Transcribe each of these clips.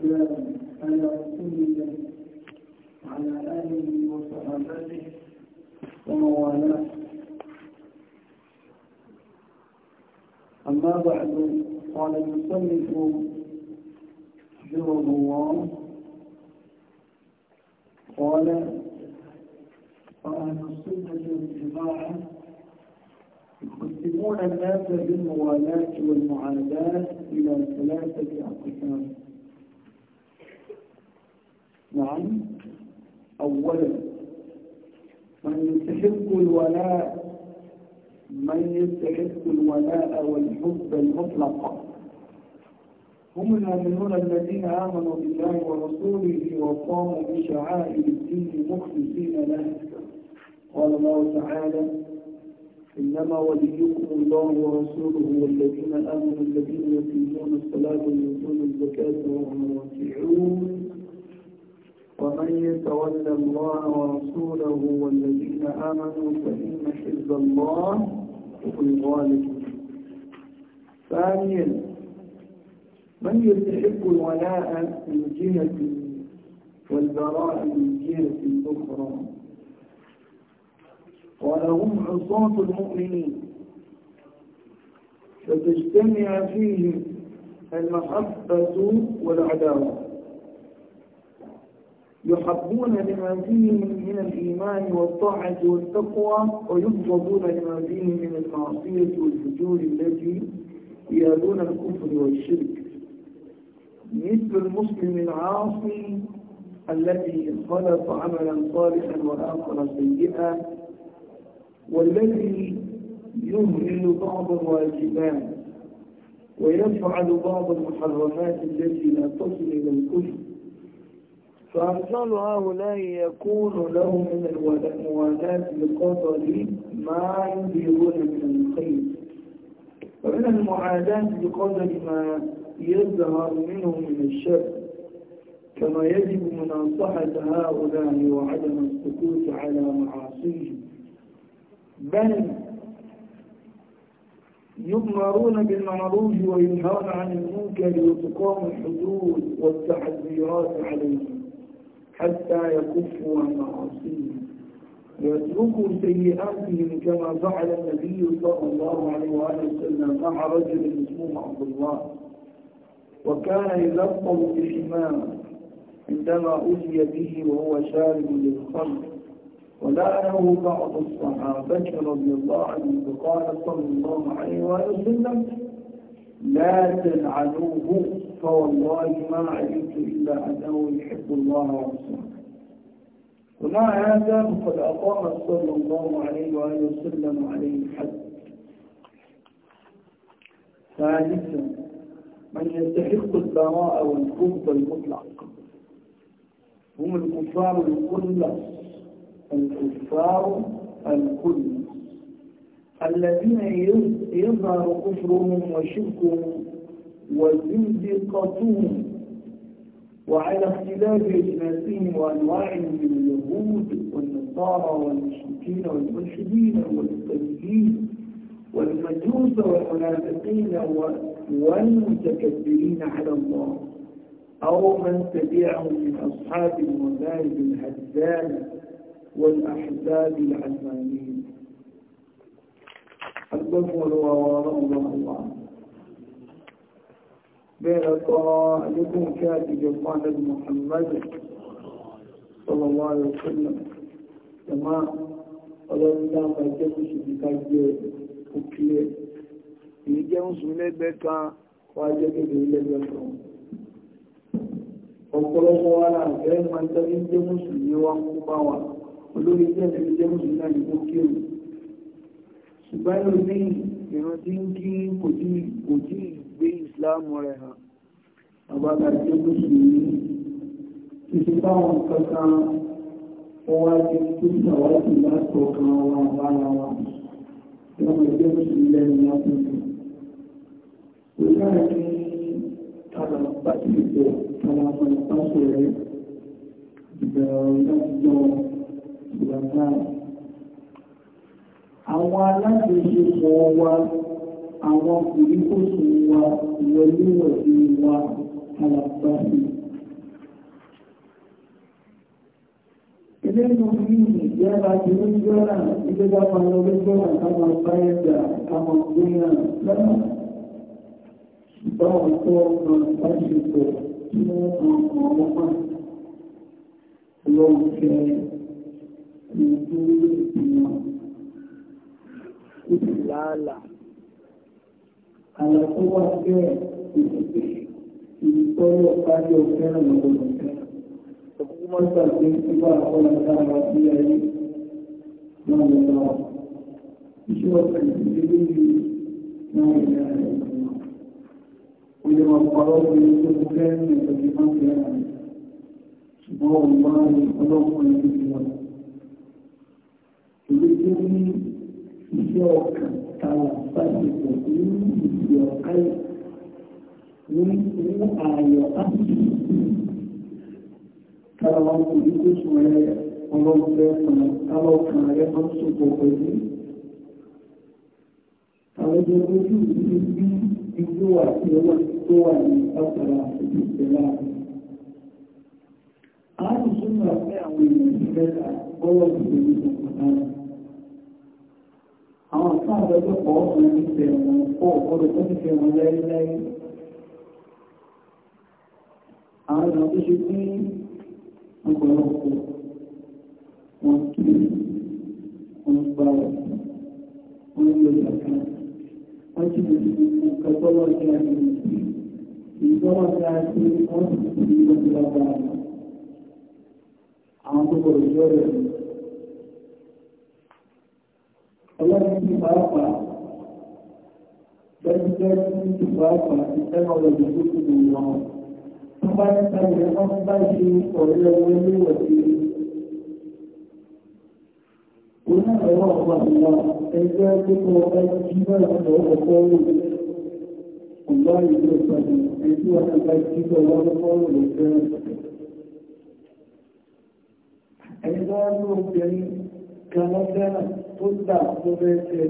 على رسول وصحابته ومن أما بعد قال المصنف حفظه الله قال وأهل السنة والجماعة يقسمون الناس بالموالاة والمعاداة إلى ثلاثة أقسام نعم أولا من يستحق الولاء من يستحق الولاء والحب المطلق هم المؤمنون الذين آمنوا بالله ورسوله وقاموا بشعائر الدين مخلصين له قال الله تعالى إنما وليكم الله ورسوله والذين آمنوا الذين يقيمون الصلاة ويؤتون الزكاة وهم راكعون ومن يتول الله ورسوله والذين آمنوا فإن حزب الله هو الغالب ثانيا من يستحق الولاء من جهة والبراء من جهة أخرى ولهم عصاة المؤمنين فتجتمع فيهم المحبة والعداوة يحبون لما فيهم من الإيمان والطاعة والتقوى ويبغضون لما فيهم من المعصية والفجور التي هي دون الكفر والشرك مثل المسلم العاصي الذي خلط عملا صالحا وآخر سيئا والذي يهمل بعض الواجبات ويفعل بعض المحرمات التي لا تصل إلى الكفر فأفضل هؤلاء يكون له من الموالاة بقدر ما يظهرون من الخير ومن المعاداة بقدر ما يظهر منه من الشر كما يجب مناصحة هؤلاء وعدم السكوت على معاصيهم بل يؤمرون بالمعروف وينهون عن المنكر وتقام الحدود والتحذيرات عليهم حتى يكفوا عن معاصيهم ويتركوا سيئاتهم كما فعل النبي صلى الله عليه وآله وسلم مع رجل اسمه عبد الله وكان يلقب بحمامه عندما أذي به وهو شارب للخمر ولعنه بعض الصحابة رضي الله عنه فقال صلى الله عليه وآله وسلم لا تجعلوه فوالله ما علمت إلا أنه يحب الله ورسوله ومع هذا فقد أقام صلى الله عليه وآله وسلم عليه الحد ثالثا من يستحق البراء والكفر المطلق هم الكفار الكلس الكفار الكلس الذين يظهر كفرهم وشركهم وزندقتهم وعلى اختلاف اجناسهم وانواعهم من اليهود والنصارى والمشركين والملحدين والمستبدين والمجوس والمنافقين والمتكبرين على الله او من تبعهم من اصحاب المذاهب الهزال والاحزاب العلمانيه àdúgbò fún olówó àwọn ọlọ́run lọ́wọ́ wa bẹ́ẹ̀ lọ́tọ́ àdékùn kí àjíjọ fún àdẹ́bì Muhammadu sọlọ́wọ́ rẹ̀ sílẹ̀ ẹ̀má ọlọ́run dáàbà jẹ́ kò sì ká jẹ́ òkìlẹ̀ èyí jẹ́ ń sùn lẹ́gbẹ́ kan wá jẹ́ kékeré bá wa olórí jẹ́ mùsùlùmí náà ní kó kéwù ṣùgbọ́n ló ní ìran tí ń kí kò tí ìgbé ìsìláàmù rẹ̀ hàn àbábà tí ó mùsùlùmí ti fi báwọn kankan wọ́n wá ti tó ṣàwádì láti ọkàn wa bára wa tí wọ́n ẹgbẹ́ mùsùlùmí lẹ́nu lápẹ́jù ó dára kí tàbà bá ti bẹ̀ tàbà bá ti àwọn alájọṣepọ̀ wa àwọn kòríkòsùn wa ìwọléwọ̀dé wa alàgbàsí. Eléyìí fi ìjẹ́ra ti ó ń jọ́ra ìjọba máa lọ lọ́jọ́ra káwọn báyẹ̀dà káwọn gbóyà lọ́nà. Ṣùgbọ́n ọ̀tọ́ ọ̀nà ìbáṣepọ̀ tí wọ́n kan àwọn ọmọ lọ́wọ́ fẹ́ ìdúró ìgbìmọ̀ ìlàlà. Àlọ́ tó wà bẹ́ẹ̀ ìtọ́lọ̀ kájọ fẹ́ràn ọgbọ̀n fẹ́ràn. Ọkùnkùn máa ń gbàgbé nígbà àwọn àgbà sí ayé náà lọ́wọ́. Iṣẹ́ ọ̀sẹ̀ ìdílé ní náà ìlà rẹ̀. Ó lè máa parọ́ pé ó ti fẹ́ràn ìtọ́jú máa fẹ́ràn rẹ̀. Ṣùgbọ́n òun máa ń ọlọ́kùnrin ti wọn. Ìlú tí ó ní iṣẹ́ ọkàn tààrà fàṣẹkọ̀ nínú ìdí ọ̀kan ní inú ààyọ̀ áàpù tààrà wọn kò ní kó sùn rẹ ọlọ́gbẹ́ kan tààrà ọkàn rẹ máa ń sopọ̀ pẹ̀lú àwọn ọjọ́ ojú ìlú bí igbó àti ọwọ́ tó wà ní ọ̀pọ̀lọpọ̀ àti ìṣẹ̀lá àrùn súnmọ̀ fẹ́ àwọn ènìyàn ìfẹ́ ọwọ́ ìgbèlú ọ̀pọ̀lọpọ̀ àwọn nǹkan àgbẹ̀jọ́ pọ̀ ọ̀sán nífẹ̀ẹ́ wọn kó òkúrò tó nífẹ̀ẹ́ wọn lẹ́yìnlẹ́yìn àwọn èèyàn tó ṣe pé ọ̀pọ̀lọpọ̀ wọn kí wọn gba ọ̀ wọn lè yàtọ̀ wọn ti lè fi nǹkan tọ́lọ́ jẹ́ àgbẹ̀jọ́ ìjọba ti a ti wọ́n ti fi ìjọba àwọn tó gbọdọ̀ jọ́ rẹ̀ ní pàápàá lẹ́gbẹ̀ẹ́ ní pàápàá ti tẹ́wọ̀n rẹ̀ lójú kúrò wọn wọ́n bá ń tàbí wọ́n bá ṣe ọ̀rẹ́ owó ilé ìwọ̀sí oní ẹ̀rọ ọ̀pá ìwà ẹgbẹ́ pípọ̀ ẹgbẹ́ jíbẹ̀ ọ̀pọ̀ ọ̀pọ̀ ọ̀gbá ìlú ìpàdé ẹgbẹ́ wọn ẹgbẹ́ jíbẹ̀ ọ̀pọ̀ ọ̀gbẹ́ ẹgbẹ́ wọn ló ń bẹ̀rẹ̀ kan lọ́gbẹ́rẹ̀ tó gbà tó fẹ́ fẹ́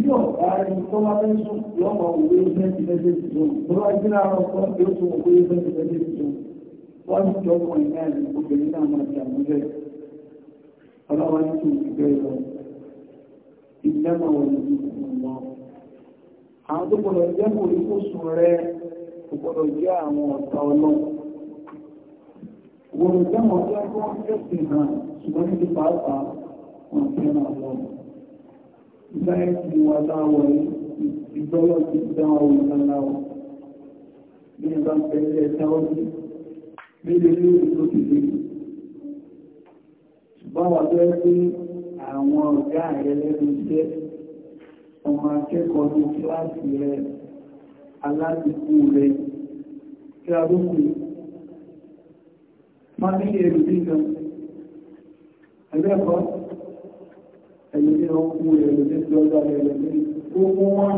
tí ọ̀gá rí tó bá fẹ́ sùn yọ ọmọ òwe fẹ́ ti fẹ́ tẹ̀sí sùn tó bá jí láàárọ̀ tó yóò sùn òwe fẹ́ ti fẹ́ tẹ̀sí sùn wọ́n ti jọ ọmọ ìná ẹ̀ obìnrin náà máa ti àmúlẹ̀ ọlọ́wọ́ ní kí ti bẹ́ẹ̀ lọ ìjẹ́mọ̀ wọn ni mo àwọn tó gbọdọ̀ jẹ́ kò ní kó sùn rẹ kò gbọdọ̀ jẹ́ àwọn ọ̀tá ọlọ́run gbọdọ̀ jẹ́ àwọn ọ̀tá ẹgbẹ́ náà ṣùgbọ́n ní ti pàápàá wọn fẹ́ràn ọlọ́run láì fi wà láwọ̀ ìgbọ́lọ̀ ti dá ọ̀rọ̀ láláwọ̀ ní ẹ̀bá pẹ̀lú ẹ̀ta ọdún nílé lórí tó ti lè ṣùgbọ́n wà tó ẹ́ pé àwọn ọ̀gá rẹ lẹ́nu iṣẹ́ ọmọ akẹ́kọ̀ọ́ ní kíláàsì rẹ aládùúgbò rẹ kí a ló pè máa ní èrò ẹni ní ọkú ẹ̀rọ ní ìjọba ẹ̀rọ ní gbogbo wọn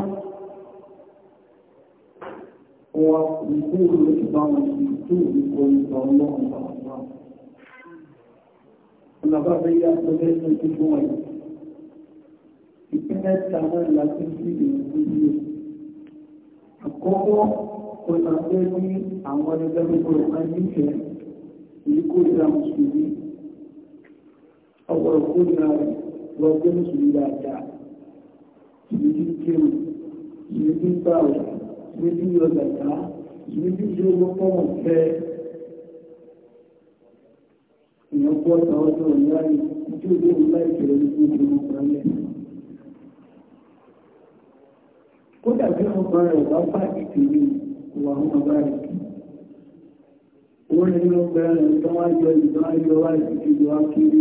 wọn ìkú ló ti bá wọn sí tó ìkọ ìgbà ọlọ́run bàbá ọlọ́bà bẹ́ yá tó lẹ́sẹ̀ tó fún ẹ̀ ìpínlẹ̀ tààrà láti sí ìlú ilé àkọ́kọ́ ọ̀nàgbẹ́ ní àwọn ẹgbẹ́ gbogbo ọ̀pá nífẹ̀ẹ́ èyí kó ìlà mùsùlùmí ọ̀pọ̀ ìkó ìlà rẹ̀ lọ gbé mùsùlùmí dáadáa tìmí tí ń kírun tìmí tí ń gbàwẹ̀ tìmí tí ń yọ gàdá tìmí tí ń ṣe owó pọ́nmọ̀ fẹ́ èèyàn gbọ́ ọ̀tà ọjọ́ ìyá yìí tí ó dé òun láì kéré ní fún ìṣòro ìpínlẹ̀ kódà bí wọn bá rẹ̀ bá bá ìtìlú wà wọn bá rẹ̀ wọ́n ní ló gbẹ́rẹ̀ tó wájọ ìdánwájọ wá ìtìlú wá kiri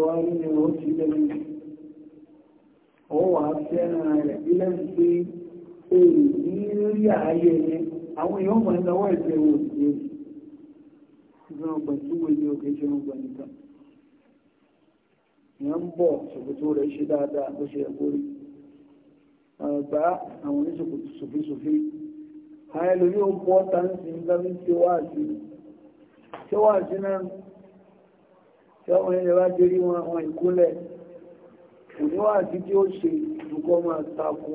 lọ rí ni ó ti lẹ́nu ọwọ́ wà á fẹ́ràn rẹ̀ ilẹ̀ ń pé èrè ní rí ààyè yẹn àwọn èèyàn mọ̀ ẹ̀dáwọ́ ẹ̀jẹ̀ wò sí èrè ìgbọ́n ọgbà tí wọ́n ní òkè ṣe ọgbà nìkan èèyàn ń bọ̀ ṣòkòtò rẹ̀ ṣe dáadáa bó ṣe ẹ̀kọ́ rí àwọn oníṣòkòtò sòfísòfí àwọn ó bọ́ táǹsì ń dábí ṣe wáàsí ṣe wáàsí náà tí ọmọ yẹn wá dé rí wọn àwọn ìkúnlẹ̀ òníwàásí tí ó ṣe ìdúkọ́ máa takò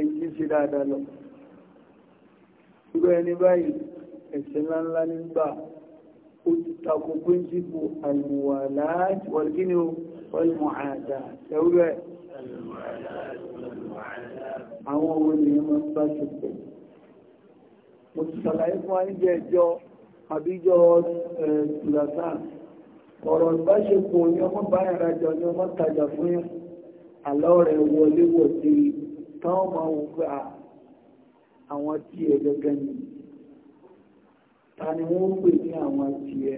ẹ̀jí ṣe dáadáa lọ irú ẹni báyìí ẹ̀ṣẹ̀ ńláńlá nígbà ó ti takò píńsípù al-muwalat wal-kini wal-mu'adat ẹ̀wúrẹ́ àwọn owó ni wọ́n bá ṣe mo ti ṣàlàyé fún àníjẹ́ ẹjọ́ àbíjọ́ ẹ̀ tùlàtàn ọ̀rọ̀ ìbáṣepọ̀ ni ọmọ báyà rájọ ni ọmọ tajà fún yẹn àlọ́ rẹ̀ wọlé wọ̀ sí i táwọn máa wò pé àwọn tí ẹ gẹ́gẹ́ ni ta ni wọ́n pè ní àwọn tí ẹ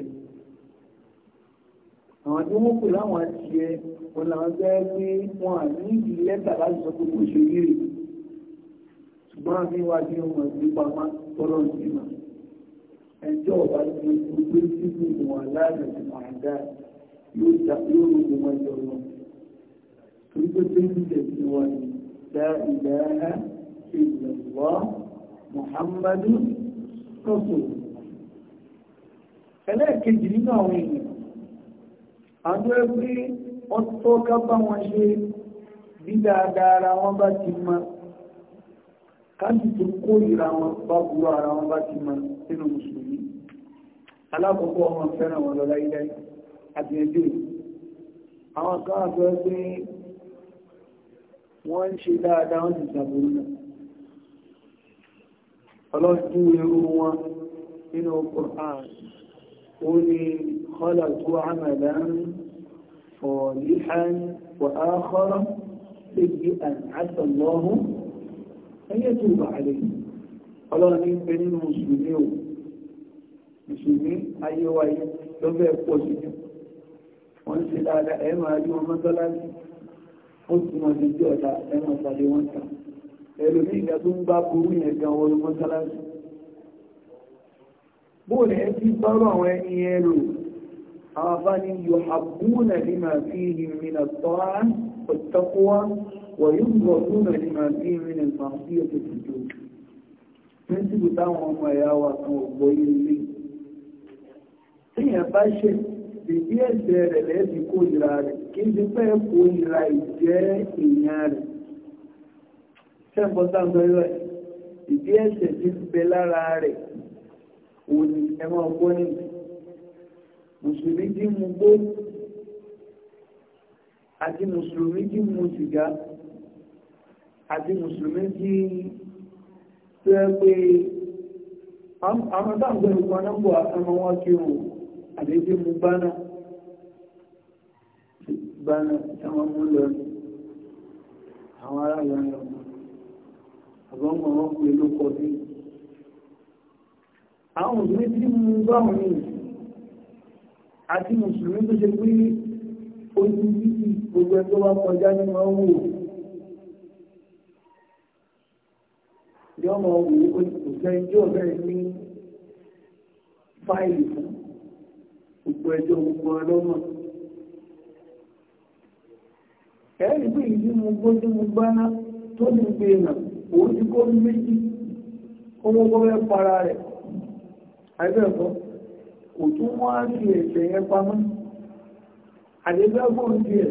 àwọn tí wọ́n pè láwọn tí ẹ wọn làwọn fẹ́ pé wọn à ní ìdí lẹ́tà láti sọ pé kò ṣe rí ṣùgbọ́n àfi wá ọmọ ìgbé pamọ́ tọ́lọ́ ìgbìmọ̀ ẹjọ́ ọba ní gbogbo sínú ìwọ̀n aláàrẹ̀ tí máa dá yóò dàbíòrò ìwọ̀n ẹjọ́ lọ torí pé pé nílẹ̀ tí wọ́n ní dá ìdára ìlọ̀wọ́ muhammadu kọ́sọ̀ ẹlẹ́ẹ̀kejì nínú àwọn èèyàn àdó ẹgbẹ́ ọtọ́ ká wọn ṣe bí ara wọn bá ti máa káàkiri tó kó ìra wọn bá burú ara wọn bá ti máa sínú mùsùlùmí alákọ̀ọ́kọ́ ọmọ fẹ́ràn wọn lọ láyé láyé àti ẹjọ́ àwọn kan àgbẹ̀ pé wọ́n ń ṣe dáadáa wọ́n ti ṣàbòrò náà ọlọ́jú irú wọn nínú Qur'an ó ní khalaqu amalan salihan wa akhara sayyi'an 'asa Allahu an yatuba 'alayhi ọlọ́run ní mùsùlùmí ìṣùgbí ayé wáyé ló bẹ́ pọ̀ sí jù wọ́n ṣe dáadáa ẹ máa rí wọn mọ́tọ́láṣí ó sì mọ̀ sí jọ ọ̀dá ẹ máa pàdé wọn tà ẹlòmí ìgbà tó ń bá burú yẹn gan wọn mọ́tọ́láṣí bóòlù ẹ ti bọ́rọ̀ àwọn ẹni ẹrù àwọn afáni yóò àbúnà ní màá fi ìrìnà tọ́ra ọ̀tọ́kọ́wá wọ̀nyí gbọ̀dúnà ní màá fi ìrìnà màá fi ètò ìjọ Píńsìpù táwọn ọmọ ẹ̀yà wa kan ò gbọ́ yé tíyàn bá ṣe bèbí ẹ̀jẹ̀ rẹ̀ lẹ́ẹ̀dì kó ìra rẹ̀ kí n ti fẹ́ kó ìra ìjẹ́ èèyàn rẹ̀ ṣẹ́ǹbọ́sá gbẹ́rẹ́ ìdí ẹ̀ṣẹ̀ ti bẹ lára rẹ̀ òní ẹmọ ọgbọ́n nìyí mùsùlùmí tí mu gbó àti mùsùlùmí tí mu sìgá àti mùsùlùmí tí tó ẹ pé àwọn táwọn gbẹ̀rù kan náà bọ̀ àtàwọn wọn kí òun àdéjé mú bánà bánà táwọn mú lọ ní àwọn ará lọ ní ọmọ àbọ́mọ̀ wọn pè ló kọ sí àwọn òṣèré tí mú báwọn ní àti mùsùlùmí tó ṣe pé ó ní títí gbogbo ẹgbẹ́ wa kọjá ní wọn wò yọmọ wò ó kò sẹ́yìn tí ní fáìlì fún gbogbo ẹjọ́ gbogbo ọlọ́mọ ẹ̀rí pé ìdí mo gbójú mo gbáná tó ní gbé nà òun ti kó méjì para rẹ̀ àìbẹ̀ẹ̀kọ́ kò tún wọ́n á fi ẹ̀sẹ̀ yẹn pamọ́ àdébẹ́gbọ́n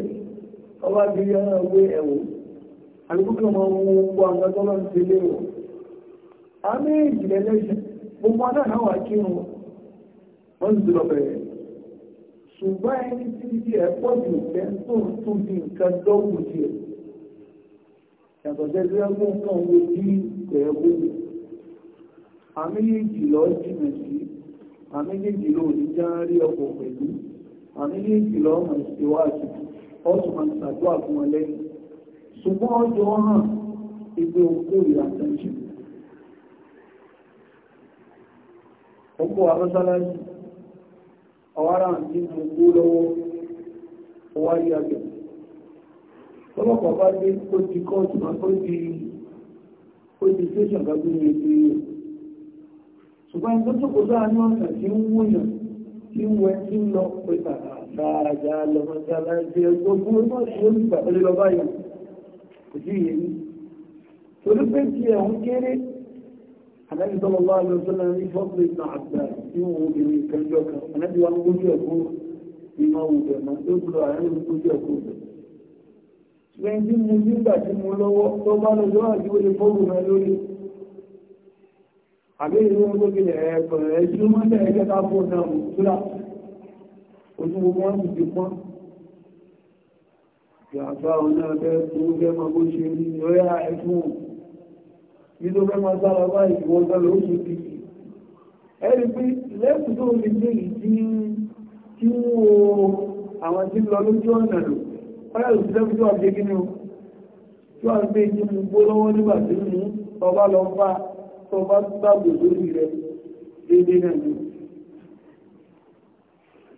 ọba wọ́n ti ṣùgbọ́n ẹni tí ibi ẹ̀ pọ̀ jù fẹ́ tó ń tún bí nǹkan lọ́wọ́ jù ẹ̀. yàtọ̀ tẹ́lẹ̀ ẹgbẹ́ nǹkan wo bí ẹ̀ wó mi. àmì méjì jìnà sí àmì méjì lọ jáárí ọkọ̀ pẹ̀lú àmì méjì lọ ìṣèwádìí ọ̀sùn máa ń ṣàdúrà lẹ́yìn. ṣùgbọ́n ọjọ́ hàn ìgbé okó ìràtẹ̀jì. ọkọ̀ àbọ̀sálásì ọ̀wárá ní gbogbo lọ́wọ́ wáyé àgbẹ̀. Lọ́pọ̀pọ̀ bá dé ó di kọ́ọ̀tù máa tó di ó di tẹ́sàn gbogbo ní ètò èèyàn. Ṣùgbọ́n tó tó kò sáà ní ọ̀nà tí ń wúyàn tí ń wẹ tí ń lọ pé tààjà lọ́mọdé aláìsí gbogbo ẹgbẹ́ ìṣòro ìgbà pẹ̀lú lọ báyìí. Kò sí ìyẹn ní. Torí pé tí ẹ̀ kéré النبي صلى الله عليه وسلم في فضل ابن عباس يوم به كان جوكا النبي وانا قلت يقول في موضع ما يطلع عليه قلت يقول ṣùgbọ́n tí mo nígbà tí mo lọ́wọ́ tó bá lọ́jọ́ àti ó lè fọ́rù mẹ́ lórí àbí ìlú wọn tó gílẹ̀ ẹ̀ẹ̀kọ̀rẹ̀ ẹ̀ṣí ó mọ́lẹ̀ ẹgbẹ́ ká fọ́ náà mú túra ojú gbogbo wọn sì ti pọ́n ìgbà àgbà ọ̀nà ẹgbẹ́ tó gẹ́ mọ́ bó ṣe rí ọ̀yà ẹ̀fún inú rẹ̀ máa sára báyìí wọ́n gbọ́lọ̀ ó ṣe bí ẹ̀rí pé lẹ́kùn tó lè gbé ìdí tí wo àwọn tí lọ lójú ọ̀nà lò ọ̀rẹ́ òsì lẹ́kùn tó wà gbé kíní o tí wà ń gbé ìdí mú gbó lọ́wọ́ nígbà tí mú ọba lọ bá tọba gbàgbò lórí rẹ̀ déédéé náà ni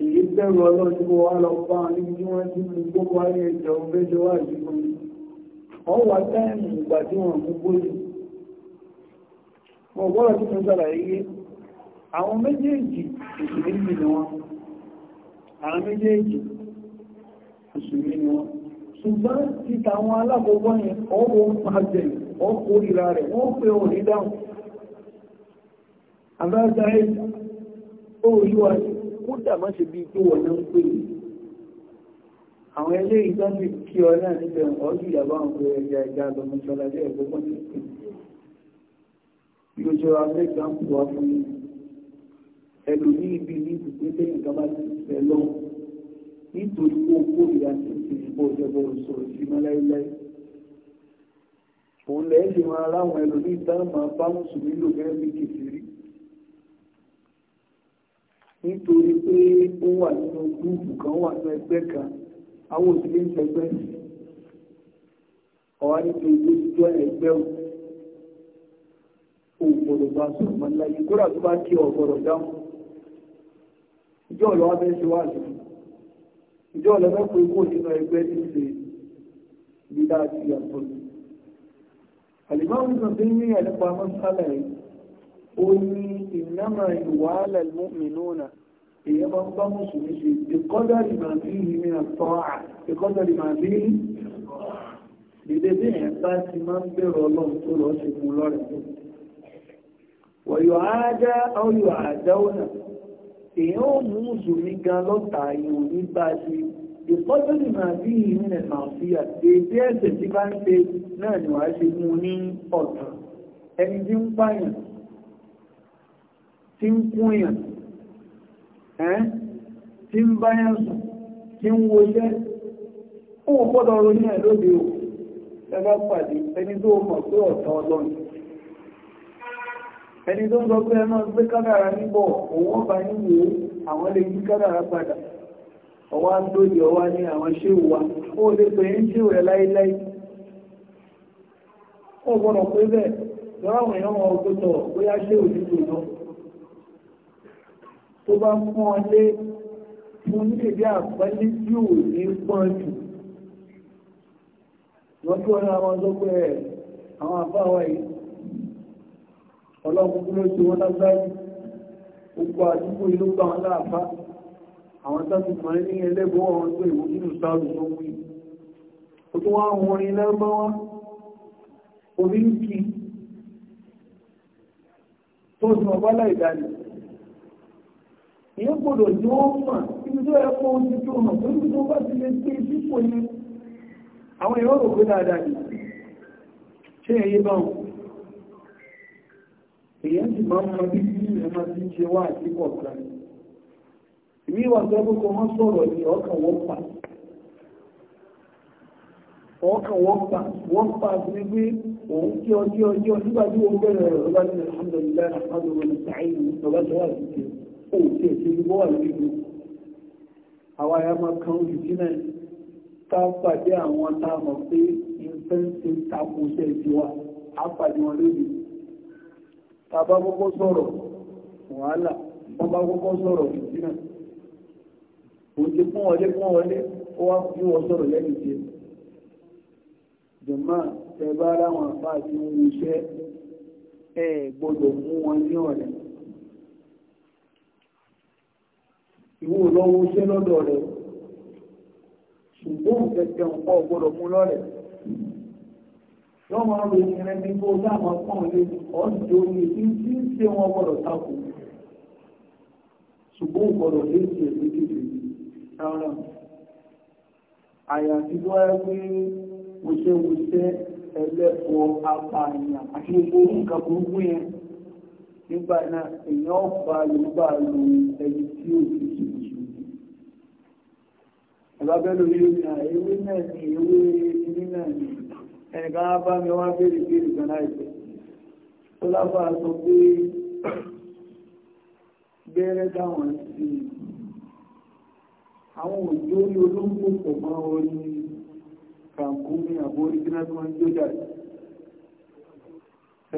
èyí bẹ̀rù ọlọ́run tí mo wá lọ bá wọn níbi tí wọ́n ti mú gbogbo ayé ẹ̀jẹ̀ ọ̀gbẹ́jọ́ wà sí fún mi táìmù ìgbà tí wọ́n mú gbóyè ọgbọ́rọ̀ tí mo sọ́rọ̀ yìí àwọn méjèèjì ìṣùgbé ni wọ́n àwọn méjèèjì ìṣùgbé wọ́n ṣùgbọ́n ti tàwọn alákọ̀ọ́gbọ́ yẹn ọwọ́ pàjẹ́ ọkọ̀ ìra rẹ̀ wọ́n àwọn kí ọ náà ọdún ìyàbá yóò jọ abẹ́ ìdáǹkù wá fún yín ẹlòmí ibi ní ibùgbé lẹ́yìn ìjọba ti fẹ́ lọ nítorí pé owó ìyá ti ti ìbò ìjọba òṣòro sí mọ́ láéláé òun lẹ́yìn lè máa ráwọn ẹlòmí dáàmà bá mùsùlùmí lò gẹ́gẹ́ bí kìfìrí nítorí pé ó wà nínú gúrùpù kan wà nínú ẹgbẹ́ kan àwọn òṣèlú ń ọ̀wá nítorí pé ti jọ ẹgbẹ́ òun ògbòdò bá sọ̀rọ̀ mọ́ láyé kódà tó bá kí ọ̀gbọ̀dọ̀ dáhùn ìjọ ọ̀lọ́ abẹ́ ṣe wà sí ìjọ ọ̀lọ́ mẹ́kọ̀ọ́ ikú nínú ẹgbẹ́ tí ṣe dídá àti ìyàtọ̀ àlìmáwùn kan tí ẹ̀lẹ́pàá mọ́sálà yìí ó ní ìnámà ìwàhálà mìnúnà èèyàn máa ń bá mùsùlùmí ṣe ìkọ́dọ̀rì máa bí i ní àtọ́à ìkọ́dọ̀rì máa bí i dédé bí ti máa ń bẹ̀rọ ọlọ́run tó lọ́ọ́ ṣe fún lọ́rẹ̀ẹ́ wọ̀yọ̀ àádá ọyọ̀ àádá ọ̀nà èèyàn ò mú mùsùlùmí gan lọ́ta ìwò ní bá ṣe ìpọ́jọ́ ní máa bí ìrìn ẹ̀ máa fi àtẹ́ẹ̀tẹ́ ẹ̀sẹ̀ tí bá ń ṣe náà ni wàá ṣe mú ní ọ̀tàn ẹni tí ń pààyàn tí ń kúnyàn tí ń báyàn sùn tí ń woṣẹ́ ó gbọ́dọ̀ ronú ẹ̀ lóde ò ẹni tó mọ̀ pé ọ̀tàn ọlọ́run ẹni tó ń sọ pé ẹmọ́ gbé kádàrà níbọ̀ òun bá níwò àwọn lè yí kádàrà padà ọwá ń lóde ọwá ní àwọn ṣéwù wa ó lè pè ń ṣéwù rẹ láíláí ó gbọ́dọ̀ pé bẹ́ẹ̀ lọ́wọ́ àwọn èèyàn wọn kó tọ̀ bóyá ṣéwù ní tòótọ́ tó bá fún ọ lé fún ní èdè àpẹẹlẹ tí ò ní pọ́n jù lọ́jọ́ náà wọn sọ pé àwọn àbáwá yìí ọlọ́run kúrò tí wọ́n lágbáyé gbogbo àdúgbò ìlú gba wọn láàfá àwọn tàbí mọ̀ ní ẹlẹ́gbọ́ ọ̀rọ̀ tó ìwò nínú sáàrù tó wí ó tó wọ́n wọ́n rí lẹ́gbọ́wá orí ń kí tó sì wọ́n bọ́lá ìdálẹ̀ ìyẹn gbọ́dọ̀ tí wọ́n mọ̀ ibi tó ẹ̀kọ́ ojú tó hàn tó ibi tó bá ti lè gbé sípò yẹn àwọn ìrọ̀rùn pé dáadáa ni ẹ̀yẹ báwọn èyàn sì máa ń mọ bí bí ìyẹn máa ti ń ṣe wá àti kọ̀ọ̀kan ìwé ìwà tó ẹgbẹ́ kan máa sọ̀rọ̀ ní ọkàn wọ́n pa ọkàn wọ́n pa wọ́n pa sí pé òun kí ọjọ́ ọjọ́ nígbà tí wọ́n bẹ̀rẹ̀ rẹ̀ lọ́ba ní alhamdulilayi alhamdulilayi sàáyìn lọ́ba tó wà lókè ó tiẹ̀ sí ibi wọ́n wà lókè ló àwa ya máa kan ojú sí náà ká pàdé àwọn tá a mọ̀ pé ìfẹ́ ń ṣe takò sí ẹ̀jẹ̀ á pàdé wọn lónìí tàbá kọ́kọ́ sọ̀rọ̀ wàhálà wọ́n bá kọ́kọ́ sọ̀rọ̀ ìdínà ó ti fún ọlé fún ọlé ó wá fi wọ́n sọ̀rọ̀ lẹ́yìn tí jọ̀mọ́ ẹ bá ráwọn àbá àti ohun iṣẹ́ ẹ gbọ́dọ̀ mú wọn ní ọ̀rẹ́ ìwọ lọ́wọ́ iṣẹ́ lọ́dọ̀ rẹ̀ ṣùgbọ́n kẹ̀kẹ́ ọ̀pọ̀ gbọ́dọ̀ mú lọ́rẹ̀ lọ́mọ ọ̀rọ̀ ìrìn ní kó dáàmọ̀ pọ̀n lé ọ̀dọ̀ ní tí tí ń ṣe wọn gbọ́dọ̀ tako ṣùgbọ́n gbọ́dọ̀ lé sí a kéde rárá àyàfi tó ẹ pé wòṣẹ́wòṣẹ́ ẹlẹ́kọ̀ọ́ apààyàn àti nǹkan burúkú yẹn nígbà náà èèyàn ọ̀fà yorùbá lu ẹni tí ó ti ṣe ìṣòro ẹ̀bá bẹ́ẹ̀ lórí ewé náà ni ẹnìkan á bá mi wá bèèrè bèèrè gan láìpẹ́ tó lábà sọ pé bẹ́ẹ̀rẹ́ dáwọn sí àwọn òjò ní olóńgbò pọ̀ mọ́ orí kàǹkúnmí àbó ìdíná tí wọ́n jó jáde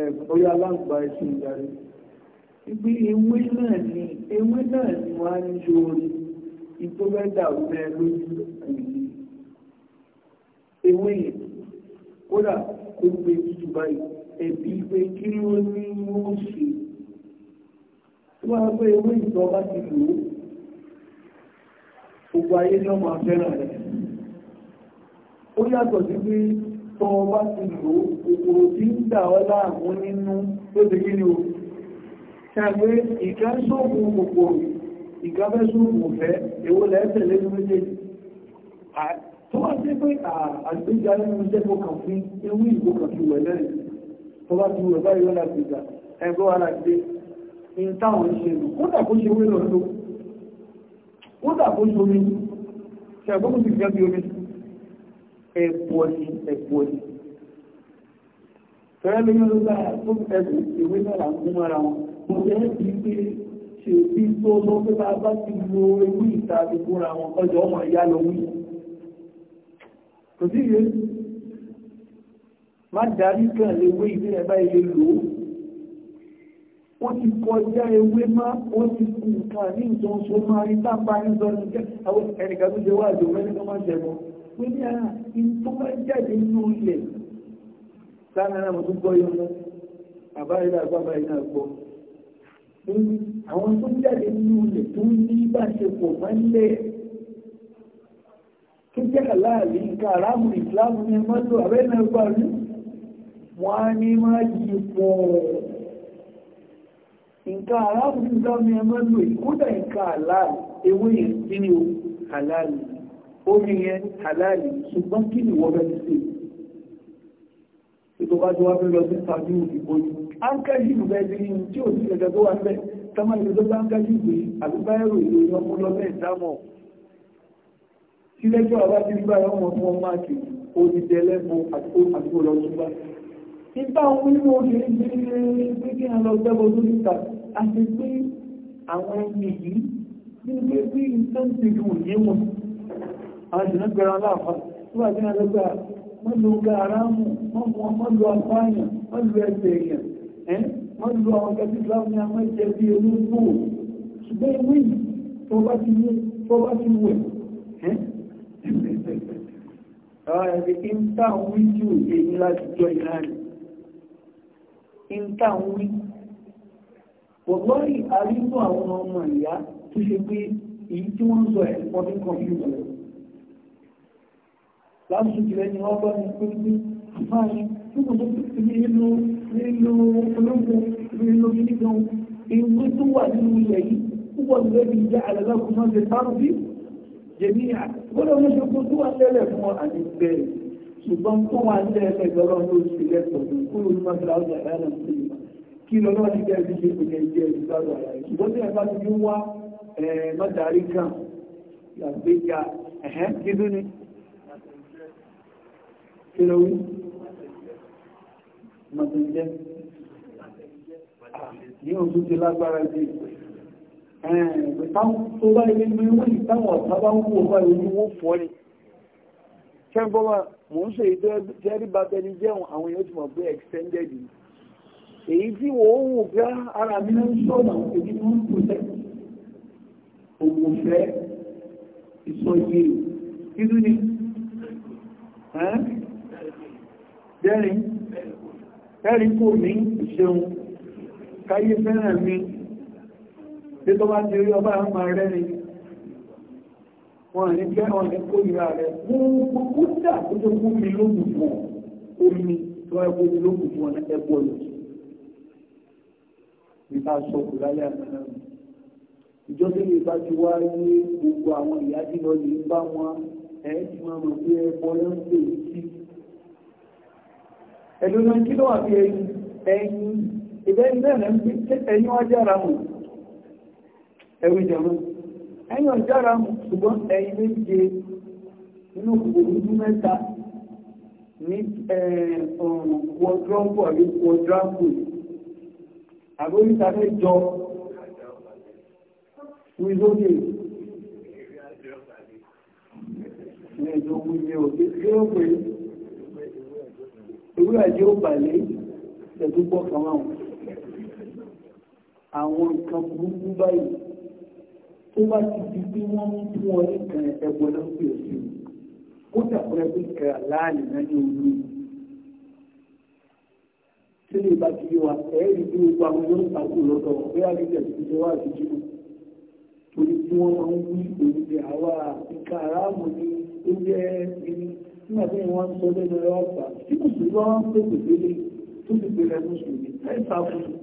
ẹ̀kọ́yá aláǹgbà ẹ̀ṣẹ̀ ìjàre ibi ewé náà ni ewé náà ni wọ́n á ń ṣe orí ìtọ́gbẹ́dà ọ̀fẹ́ lójú ẹ̀yìn ewé yìí kódà kó gbé tútù báyìí ẹ̀bí pé kí ló ní wọ́n ṣe tó wá pé ewé ìjọba ti lò ó gbogbo ayé ní ọmọ afẹ́ràn rẹ̀ ó yàtọ̀ sí pé tọ́ ọba ti lò ó kòkòrò tí ń dà ọ́ láàmú nínú tó ti kí ni o ṣàgbé ìkà sóògùn kòkòrò ìkà fẹ́ sóògùn fẹ́ èwo lẹ́ẹ̀tẹ̀lé ní méjèèjì tó bá dé pé àgbéjà ẹnu iṣẹ́ kó kàn fún ewu ìgbó kan fi wẹ̀ lẹ́yìn tó bá ti wẹ̀ báyìí lọ́la gbèjà ẹgbẹ́ wa la gbé ní táwọn ń ṣe lò kódà kó ṣe wé lọ lọ kódà kó ṣe omi ṣẹ̀gbọ́n kò sì fẹ́ bí omi ẹ̀pọ̀ ni ẹ̀pọ̀ ni fẹ́rẹ́ lóyún ló bá tó ẹ̀sùn ìwé náà là ń gún mọ́ra wọn mo jẹ́ ti pé ṣe bí tó lọ pé bá bá ti lo ewu ìta fi kúra wọn ọjọ́ ọmọ ìyá lọ wí kò sí iye má darí kan lè wé ìwé ẹ̀bá ilé lò ó ó ti kọjá ewé má ó ti kú nǹkan ní ìtàn so máa rí tápá ní ìtọ́nu jẹ́ àwọn ẹnìkan tó jẹ wá àjò mẹ́rin tó máa jẹ̀mọ́ pé ní ara ah, ìtọ́ máa jáde nínú ilẹ̀ sáà náà mo gbọ́ yọ náà àbáyé àgbàbà iná gbọ́. Àwọn tó jáde nínú ilẹ̀ tó ní bá máa ń lẹ̀ tó jẹ́ kàláàlì nǹkan aráàmù ìsìláàmù ní mọ́tò àbẹ́nà ẹgbà rí wọ́n á ní máa yí pọ̀ nǹkan aráàmù ìsìláàmù ní mọ́tò ìkúdà nǹkan aláàlì ewé yẹn kí o aláàlì omi yẹn aláàlì ṣùgbọ́n kí ni wọ́n bẹ́ẹ̀ sí ètò bá ti wá fẹ́ lọ sí sàbí òdìbò yìí áńkájì ìlú bẹ́ẹ̀ bí tí ò sí ẹ̀dẹ̀ tó wà ń bẹ́ẹ̀ tọ́mọ ìlú tó bá áńkájì ìgbé àbí báyẹ̀rò ìlú ìyọkú tí lẹ́jọ́ àbá ti gbá ọmọ fún ọmọ àti òdìdẹ lẹ́bù àti àdúgbò lọ túbá nígbà wọn ní wọn kìí gbé gbé kí wọn lọ gbẹ́bọ lórí ìta àti pé àwọn ẹni yìí ní gbé bí nǹkan ti dùn yé wọn àwọn ìṣẹ̀lẹ̀ gbẹ̀rẹ̀ aláàfà tó wà ní alẹ́gbà wọ́n lo ga ara mù wọ́n lo apá èèyàn wọ́n lo ẹsẹ̀ èèyàn wọ́n lo àwọn kẹsí ìlànà ní àwọn ẹ̀jẹ̀ bí olóńgbò ṣùgbọ́n ìwé yìí tó bá ti wẹ̀ ẹ̀rẹ̀ kí ń táwọn wí tí ò yé ní láti jọ ìlà rẹ̀ kí ń táwọn wí pọ̀pọ̀ àríkù àwọn ọmọ ìyá tó ṣe pé èyí tí wọ́n ń sọ ẹ̀ pọ̀dún kọ̀m̀pútà rẹ̀ lásìkò jùlẹ̀ ni wọ́n bá ní pé pé àfáàní púpọ̀ tó ti ní ìlú nílò ológun nílò nílò ìwé tó wà nínú ilẹ̀ yìí púpọ̀ tó lẹ́bi ìjà àlẹ́lẹ́kùn náà ṣe tárùbí jẹ́ ní àt gbọ́dọ̀ ní gbogbo tó wà lẹ́lẹ̀ fún wọn àti bẹ́ẹ̀ ṣùgbọ́n tó wà lẹ́lẹ̀ lọ́rọ̀ ló ṣe lẹ́tọ̀ọ́ kúrò ní mọ́tàlá ọjà ìrànà sí i kí lọ́rọ̀ ní bẹ́ẹ̀ fi ṣe ìpínlẹ̀ jẹ́ ìgbàlù àyà ṣùgbọ́n tí ẹ bá ti ń wá mọ́tàrí kan yàgbéga ẹ̀hẹ́n kí ló ní kí ló wí ní oṣù ti lágbára tó bá ilé gbé wọ́n ìtàwọn ọ̀tá bá ń wò bá ìlú wó fọ́ ni kẹ́gbọ́n wa mò ń ṣe ìtẹ́rí bá tẹni jẹun àwọn èèyàn ti mọ̀ pé extended èyí tí wò ó wò pé ara mi ń sọ̀nà èyí tí wọ́n protect òwòfẹ́ ìsọyè ìlú ni dẹ́rin kò ní ìṣeun káyé fẹ́ràn mi tí tó bá ti rí ọba àmà rẹ̀ ni wọ́n ní pẹ́ wọ́n ní kó ìrà rẹ̀ kó dà kó tó kú mi lóògùn fún ọ omi tó ẹ kó mi lóògùn fún ọ ní ẹgbọ́ lọ ní bá sọ kù lálẹ́ àná ìjọ tó lè bá ti wá ní gbogbo àwọn ìyá jìnnà lè ń bá wọn ẹ ti máa mọ̀ pé ẹgbọ́ ló ń pè sí ẹ̀dùn náà kí ló wà bí ẹyin ẹyin ìbẹ́ni náà ń ẹyin wájú mọ̀ ẹwé jẹun ẹ̀yìn ọ̀jára ṣùgbọ́n ẹ̀yìn méje inú òkú mẹ́ta ní wọ́drọ́pù àbí wọ́drọ́pù àbóríta mẹ́jọ wílónì mẹ́jọ wílé òkè tí ó pè ìwé àjẹ́ ó bàlé ẹ̀dúgbọ́ kan àwọn nǹkan burúkú báyìí tó bá ti di pé wọ́n ń fún ọ nìkan ẹgbẹ́ ló ń o kó dàpọ̀ pé kẹrà láàyè náà ní olú tí lè bá ti yé wa ẹ̀ẹ́rì bí gbogbo àwọn yóò sàkó lọ́dọ̀ pé àgbẹ̀jẹ̀ ti ṣe wá àti jìnnà torí tí wọ́n máa ń wí oníṣe àwa ìka aráàmù ni ó jẹ́ ẹni nígbà tí wọ́n ń sọ lẹ́nu ẹ̀rọ ọ̀pá tí kò sí wọ́n ń pè pèsè lé tó ti pè lẹ́nu sùn ní ẹ̀ẹ́sà fún un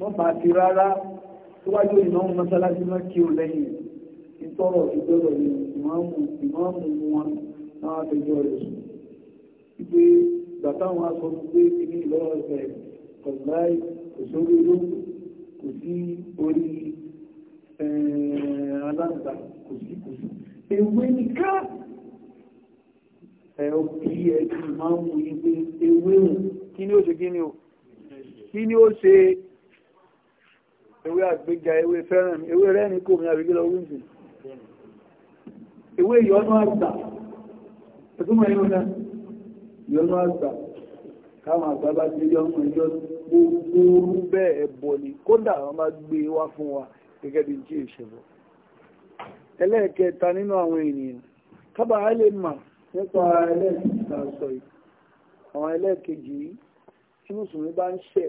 wọ́n bá ti rárá síwájú ìmáàmù mọ́sálásí má kí o lẹ́yìn ìtọ́rọ̀ ìgbẹ́rọ̀ ni ìmáàmù ìmáàmù wọn máa fẹjọ́ rẹ̀ sùn wípé gbàtàwọn aṣọ pé kìíní ìlọ́rọ̀ ẹ̀fẹ̀ kọ̀láì kò sórí olóògùn kò sí orí aláǹgbà kò sí kò sí ewé nìkan ẹ̀ òbí ẹ̀ kì í máa ń mú ibi ewé hù kí ni ó ṣe ewé àgbéga ewé fẹ́ràn mi ewé rẹ́ni kò mi àrígílọ wíńsì ewé ìyọnú àgbà ẹ̀túnmọ̀ yóò náà ìyọnú àgbà káwọn àgbà bá ti yọ ọmọ ìjọ gbogbo orú bẹ́ẹ̀ ẹ̀bọ̀ ni kódà wọn bá gbé wá fún wa gẹ́gẹ́ bí jí ìṣẹ̀bọ̀ ẹlẹ́ẹ̀kẹta nínú àwọn ènìyàn kábà á lè mà nípa ẹlẹ́ẹ̀kẹta sọ yìí àwọn ẹlẹ́ẹ̀kejì yìí tí mùsùlùmí bá ń ṣẹ̀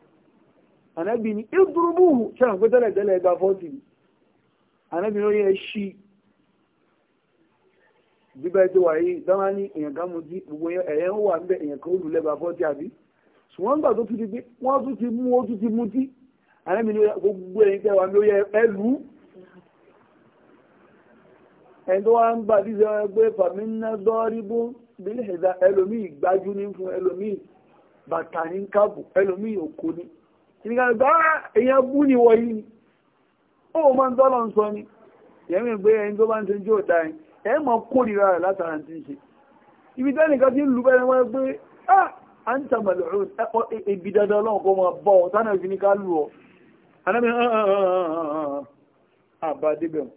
ànábì ní ìdúrúbùhù ṣẹ́ràn pé tẹ́lẹ̀ tẹ́lẹ̀ ẹgbà fọ́tì ànábì ní orí ẹṣí bíbẹ́ tó wà yìí dáwà ní èèyàn kan mú sí gbogbo ẹ̀yẹ ń wà níbẹ̀ èèyàn kan ó lù lẹ́gbà fọ́tì àbí ṣùgbọ́n gbà tó ti di pé wọ́n tún ti mú ó tún ti mú tí ànábì ní gbogbo ẹ̀yìn tẹ́wà ní ó yẹ ẹlú ẹni tó wá ń gbà tí sọ pé fàmínà dọ́ríbó bílẹ̀ ẹlòmíì gbájú ní fún ẹlòmíì bàtà ní káàbù ẹlòmíì òkò ní ìgbàgbà ah, èyàn bú ní wọ̀nyí ó mọ́ ń tọ́lọ̀ ń sọ ni yẹ̀mí gbé ẹni tó bá ń tẹ́jú ọ̀tá ẹ̀ ẹ̀ mọ́ kórìíra rẹ̀ látara ti ṣe ibi tẹ́lẹ̀ kan ti ń lù bẹ́ẹ̀ wọ́n gbé à ń tàbàlù ibi dandan ọlọ́run kó máa bọ́ ọ sánà ìfi ní ká lù ọ anábì àbá débẹ̀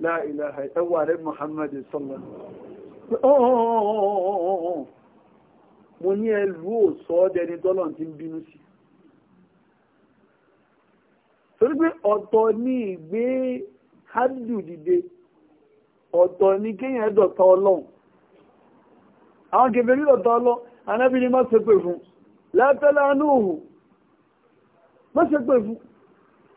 láìláha ẹwà rẹ̀ Muhammad sọ́lọ́ oh, oh, oh, mo ní ẹ lù ó sọ ọ́ torí pé ọ̀tọ̀ ní ìgbé hádùú dìde ọ̀tọ̀ ní kéèyàn dọ̀tá ọlọ́run àwọn kèfèrí dọ̀tá ọlọ́run anábì ni má ṣe pè fún látẹ́lẹ́ anúhù má ṣe pè fún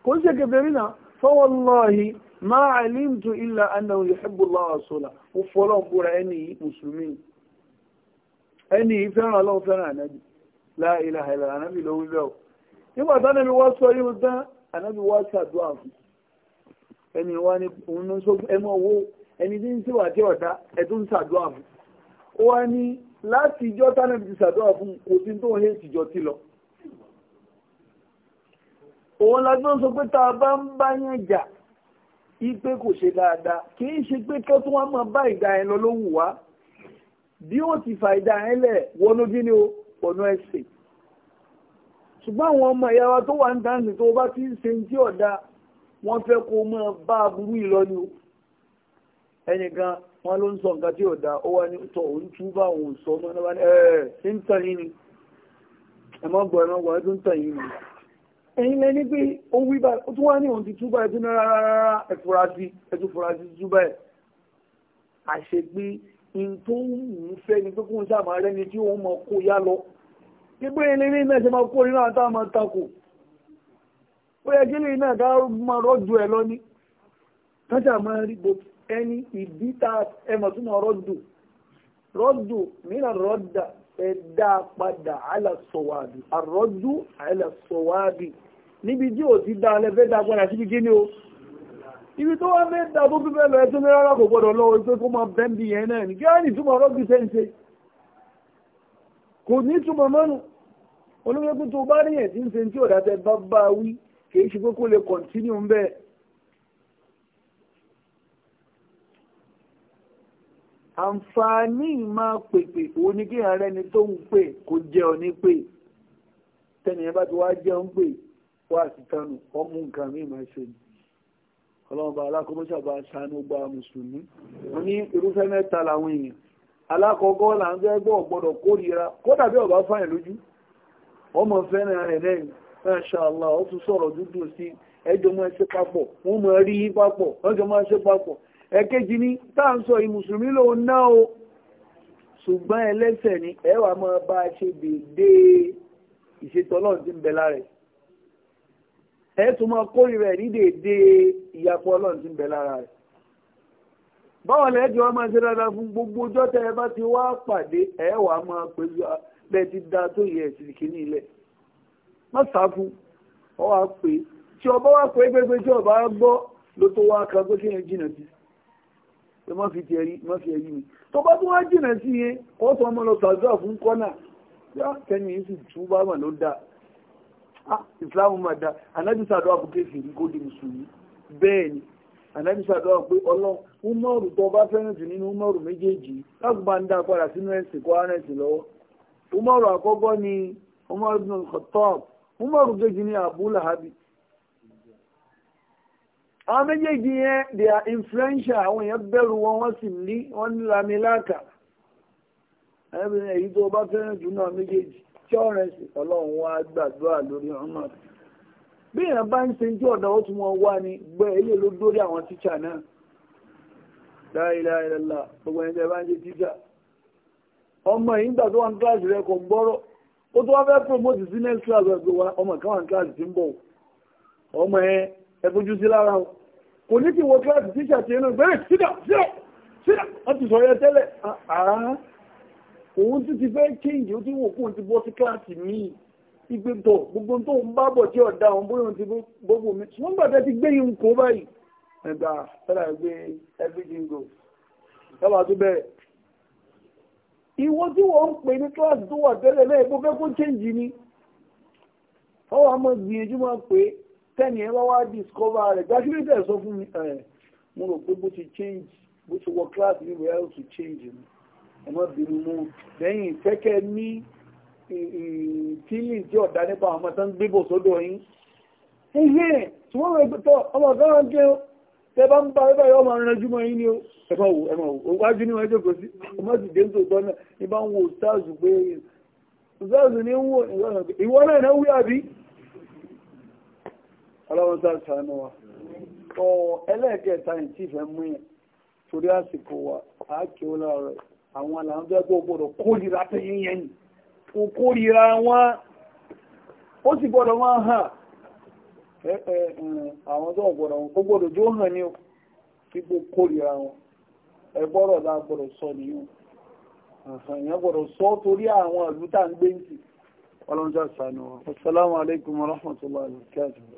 kò ń ṣe kèfèrí náà fawallahi ma alimtu illa annahu yuhibbu Allaha wa rasulahu ó fọ́lọ́n búra ẹni mùsùlùmí ẹni fẹ́ràn ọlọ́run fẹ́ràn anábì la ilaha illa anábì wá ṣàdúrà fún ẹni wá ní òun ló sọ ẹmọ owó ẹni tí ń ṣèwà tí ọ̀dá ẹ̀tún ṣàdúrà fún ó wá ní láti ìjọ tánàbì ti ṣàdúrà fún kò sí tó ń hé ìtìjọ tí lọ òun la tó ń sọ pé tá a bá ń bá yẹn jà ipe kò ṣe dáadáa kì í ṣe pé kí wọ́n máa bá ìdá yẹn lọ ló wù wá bí ó ti fa ìdá yẹn lẹ̀ wọnú kí ni o wọnú ẹ̀sìn ṣùgbọ́n àwọn ọmọ ìyá wa tó wà ń dáǹsì tó bá ti ń ṣe tí ọ̀dà wọ́n fẹ́ kó mọ́ bá aburú ìlọ́ni o ẹnìkan wọn ló ń sọ nǹkan tí ọ̀dà ó wá ní tọ̀ òun tú bá òun sọ ọmọ náà wá ní ẹ̀ ń tàn yín ni ẹ̀mọ́ gbọ́ ẹ̀mọ́ gbọ́ ẹ̀tún tàn yín ni ẹ̀yin lẹ́ni pé ó wí báyìí ó tún wá ní òun ti tú báyìí tún náà rárá gbígbé ilé náà ṣe máa kó orí náà táwọn máa takò ó yẹ kí lè náà ká máa rọ́jú ẹ lọ ní tọ́jà máa rí gbogbo ẹni ìdí tá ẹ mọ̀ tún máa rọ́jú rọ́jú mìíràn rọ́dà ẹ dá padà àlàsọ̀wádìí àrọ́jú àlàsọ̀wádìí níbi tí ò ti dá alẹ́ fẹ́ dá padà síbi kí ni o ibi tó wá fẹ́ dá tó fífẹ́ lọ ẹ tó kò gbọ́dọ̀ lọ orí kó máa bẹ́ńbì yẹn náà ní kí á nì túmọ̀ rọ́jú sẹ́ńsẹ́ kò ní túmọ̀ mọ́nu olóyún tó bá rí yẹn ń ṣe tí ọ̀dà tẹ bá bá wí kì í ṣe pé kó lè kọ̀ntínú bẹ́ẹ̀. àǹfààní máa pèpè òun ni kí ààrẹ ni tó ń pè kó jẹ́ ọ ní pè tẹ́nìyàn bá ti wá jẹ́ ń pè wá sí tánu ọmú nǹkan mi máa ṣe ni ọlọ́run bá alákòóbó ṣàbá ṣàánú gba mùsùlùmí wọ́n ní irúfẹ́ mẹ́ta làwọn èèyàn alákọ̀ọ́kọ́ là ń fẹ́gbọ́ ọ̀gbọ́dọ̀ kórìíra kódà bí ọba fáyìn ọmọ fẹ́ràn rẹ̀ lẹ́yìn ṣàlá ó tún sọ̀rọ̀ dúdú sí ẹjọ́ máa ṣe papọ̀ wọ́n máa rí papọ̀ máa ṣe papọ̀ o ṣùgbọ́n ẹlẹ́sẹ̀ ni máa ṣe dédé ti ń bẹ lára ẹ̀ tún máa kórìíra ẹ̀ ní dédé ìyàpọ̀ báwọn lẹ́jọ́ ọmọ ṣe dáadáa fún gbogbo ọjọ́ tẹ́ ẹ bá ti wá pàdé ẹ wà máa pẹ̀lú bẹ́ẹ̀ ti da tó yẹ ẹ̀sìn kìíní ilẹ̀ má sá fún ọ wá pé tí ọba wá pé pé tí ọba gbọ́ ló tó wá kan pé kí yẹn jìnà sí ẹ má fi tiẹ̀ rí má fi ẹ̀rí mi tó bá tún wá jìnà sí yẹn ó sọ ọmọ lọ sàdúrà fún kọ́nà yá kẹ́ni yìí sì tú bá mà ló dáa ah ìsìláàmù mà dáa ànájú sàdúrà fún kéfì kó di mùsùlùmí bẹ́ẹ̀ ni ànábì i pé ọlọ́run húmọ́ọ̀rù tó bá fẹ́ràn jù nínú húmọ́ọ̀rù méjèèjì ń dá padà sínú ẹ̀sìn kó ara ẹ̀sìn lọ́wọ́ húmọ́ọ̀rù àkọ́kọ́ ni húmọ́ọ̀rù ibn Khattab húmọ́ọ̀rù kejì ni Abu Lahabi. àwọn méjèèjì yẹn they influential àwọn èèyàn bẹ̀rù wọn wọ́n sì ní wọ́n ní lamilaka ẹ̀yìn tó bá fẹ́ràn jù náà méjèèjì tí bí èèyàn bá ń ṣe jẹ́ ọ̀nà ó tún wọn wá ní gbẹ́ ilé ló dórí àwọn tíṣà náà láìláìlá gbogbo ẹni tẹ́ bá ń ṣe tíṣà ọmọ yìí gbà tó wà ní kíláàsì rẹ kò ń gbọ́rọ̀ ó tó wá fẹ́ promote sí next class ọ̀gbẹ́ wa ọmọ kan wà ní kíláàsì tí o kò ní kí wọ kíláàsì tíṣà ti inú gbẹ́rẹ̀ sídà sídà sídà wọ́n ti sọ̀rọ̀ yẹn tẹ́lẹ̀ ah, òun ti ti fẹ́ kíǹgì ó ti wò kóun ti bọ́ ìgbẹ́ntọ̀ gbogbo tó ń bá bọ̀ tí ọ̀dá òun bóyá ti gbogbo mi wọ́n gbàtẹ́ ti gbé yín kó báyìí ẹgbà tọ́lá gbé everything go lọ́wọ́ tó bẹ̀rẹ̀ ìwọ tí wọ́n ń pè ní kíláàsì tó wà tẹ́lẹ̀ náà epo fẹ́ kó chẹ́ǹjì ni ọwọ́ àmọ́ gbìyànjú máa pé tẹ́ni ẹ bá wá discover rẹ̀ gbàkúrẹ́tẹ̀ sọ fún mi ẹ̀ mo rò pé bó ti change bó ti wọ kíláàsì ní ìwé ẹ̀ ó ti change ẹ̀ mọ́ bínú mú lẹ́yìn ìfẹ́kẹ́ ní tílì tí ọ̀dá nípa àwọn tó ń gbébò sódò yín ihe tí wọ́n rẹ̀ gbẹ́tọ̀ ọmọ ọ̀gá ń gẹ́ tẹ bá ń bá ẹgbẹ́ yọ ọmọ ìrìnàjú mọ́ yín ni ó ẹmọ wò ẹmọ wò wájú ní wọ́n jókòó sí ọmọ sì dé sóòtọ́ náà ní bá ń wo sáàzù pé sáàzù ní wò ìwọ náà náà wí àbí ọlọ́run sáàtàánú wa ọ ẹlẹ́ẹ̀kẹta ní tí ìfẹ́ mú yẹn torí àsìkò wa àákè ó láàárọ̀ àwọn àlàáfẹ́ gbogbo kó òkúrira wọn ó sì gbọ́dọ̀ wọn hàn àwọn tó gbọ́dọ̀ wọn ó gbọ́dọ̀ jó hàn ní gbogbo wọn ẹgbọ́rọ̀ dá sọ nìyàn èèyàn gbọ́dọ̀ sọ torí àwọn ìlú tá ń gbé ń tì ọlọ́njọ́ ìsànú wọn assalamu alaikum warahmatullahi wabarakatuh